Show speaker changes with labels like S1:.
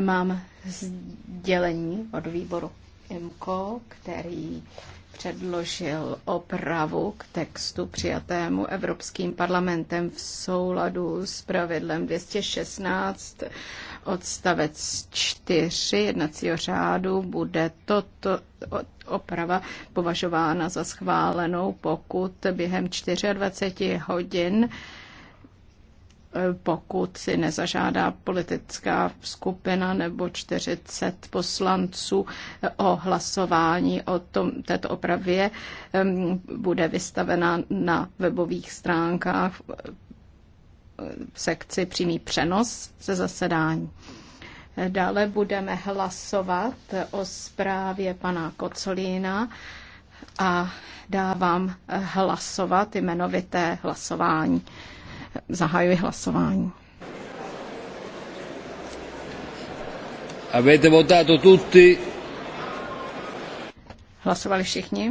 S1: Mám sdělení od výboru IMCO, který předložil opravu k textu přijatému Evropským parlamentem v souladu s pravidlem 216 odstavec 4 jednacího řádu bude toto oprava považována za schválenou, pokud během 24 hodin pokud si nezažádá politická skupina nebo 40 poslanců o hlasování o tom, této opravě, bude vystavena na webových stránkách v sekci přímý přenos ze zasedání. Dále budeme hlasovat o zprávě pana Kocolína a dávám hlasovat jmenovité hlasování. Zahajuji hlasování. Avete votato tutti? Hlasovali všichni?